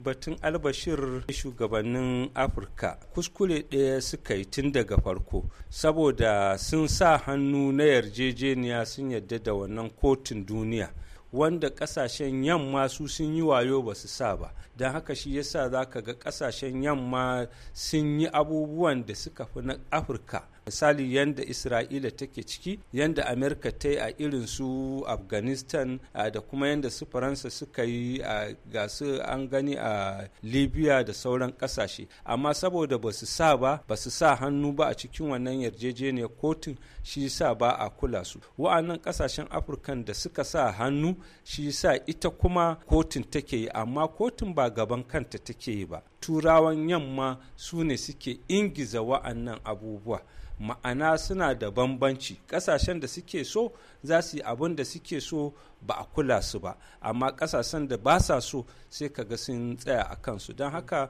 batun albashir shugabannin afirka kuskure ɗaya suka yi tun daga farko saboda sun sa hannu na yarjejeniya sun yadda da wannan kotun duniya wanda kasashen yamma su sun yi wayo ba su sa ba don haka shi yasa za ka ga kasashen yamma sun yi abubuwan da suka fi na afirka misali yadda isra'ila take ciki yadda amerika ta yi a irin su afghanistan da kuma yadda su faransa suka yi a gasu an gani a libya da sauran kasashe amma saboda ba su sa ba ba su sa hannu ba a cikin wannan yarjejeniyar kotun shi sa ba a kula su wa'annan kasashen afirkan da suka sa hannu shi sa ita kuma kotun take yi amma kotun ba gaban kanta take yi ba turawan yamma su ne suke ingiza wa'annan abubuwa ma'ana suna da bambanci ƙasashen da suke so za su yi abin da suke so ba a kula su ba amma ƙasashen da ba sa so sai ka ga sun tsaya a kansu don haka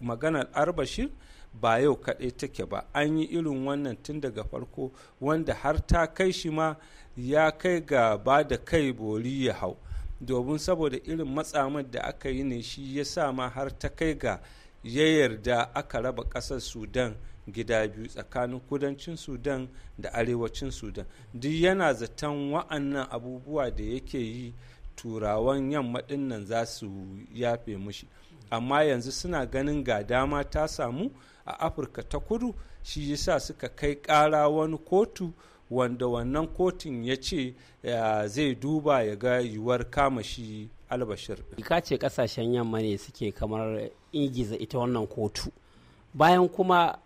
maganar arbashir ba yau kaɗai take ba an yi irin wannan tun daga farko wanda har ta kai shi ma ya kai ga ba da kai bori ya hau domin saboda irin matsamar da aka yi ne shi ya sa ma har ta kai ga ya yarda aka raba ƙasar sudan gida biyu tsakanin kudancin sudan da arewacin sudan duk yana zaton wa'annan abubuwa da yake yi turawan yamma nan za su yafe mushi amma yanzu suna ganin ga dama ta samu a afirka ta kudu shi yasa suka kai ƙara wani kotu wanda wannan kotun ya ce zai duba ya ga yiwuwar kama shi albashir ka ce kasashen yamma ne suke kamar ingiza ita wannan kotu bayan kuma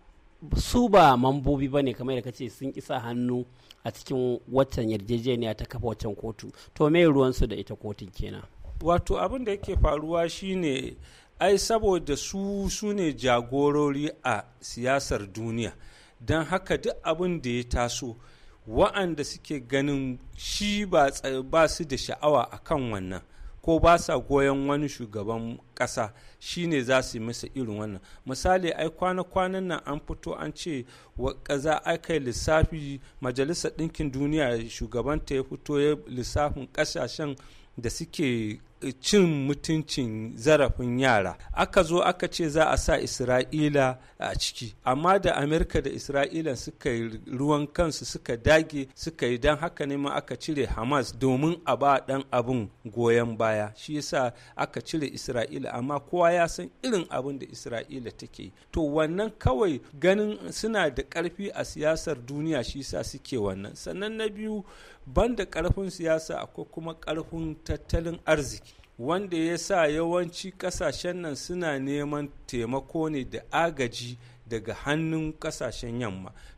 su ba mambobi ba ne kamar ka ce sun isa hannu a cikin watan yarjejeniya ta kafa waccan kotu to me ruwansu da ita kotun kenan wato abin da yake faruwa shine ai saboda su su ne jagorori a siyasar duniya don haka duk abin da ya taso wa'anda suke ganin shi ba su da sha'awa a kan wannan ko ba sa goyon wani shugaban ƙasa shi ne za su yi masa irin wannan misali ai kwana-kwanan nan an fito an ce kaza aka yi lissafi majalisar ɗinkin duniya shugabanta ya fito ya lissafin ƙasashen da suke cin mutuncin zarafin yara aka zo aka ce za a sa isra'ila a ciki amma da amerika da isra'ila suka yi ruwan kansu suka dage suka yi don haka ne ma aka cire hamas domin a ba dan abin goyon baya shi yasa aka cire isra'ila amma kowa ya san irin abin da isra'ila take to wannan kawai ganin suna da karfi a siyasar duniya shi yasa suke wannan sannan na biyu banda karfin siyasa akwai kuma karfin tattalin arziki wanda ya sa yawanci kasashen nan suna neman taimako ne da agaji daga hannun kasashen yamma